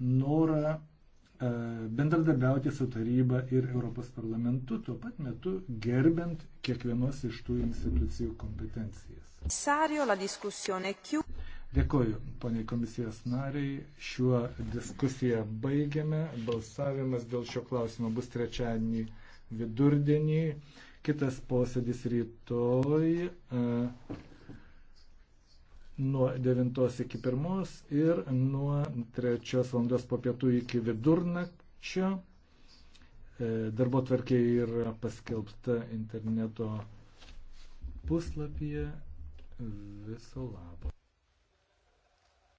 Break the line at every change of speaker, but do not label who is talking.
norą e, bendradarbiauti su taryba ir Europos parlamentu, tuo pat metu gerbent kiekvienos iš tų institucijų kompetencijas. Dėkoju, poniai komisijos nariai. Šiuo diskusiją baigiame. Balsavimas dėl šio klausimo bus trečiadienį vidurdienį. Kitas posėdis rytoj. E, nuo 9 iki 1 ir nuo 3 val. po pietų iki vidurnakčio. E, darbo tvarkė yra paskelbta interneto puslapyje viso labo.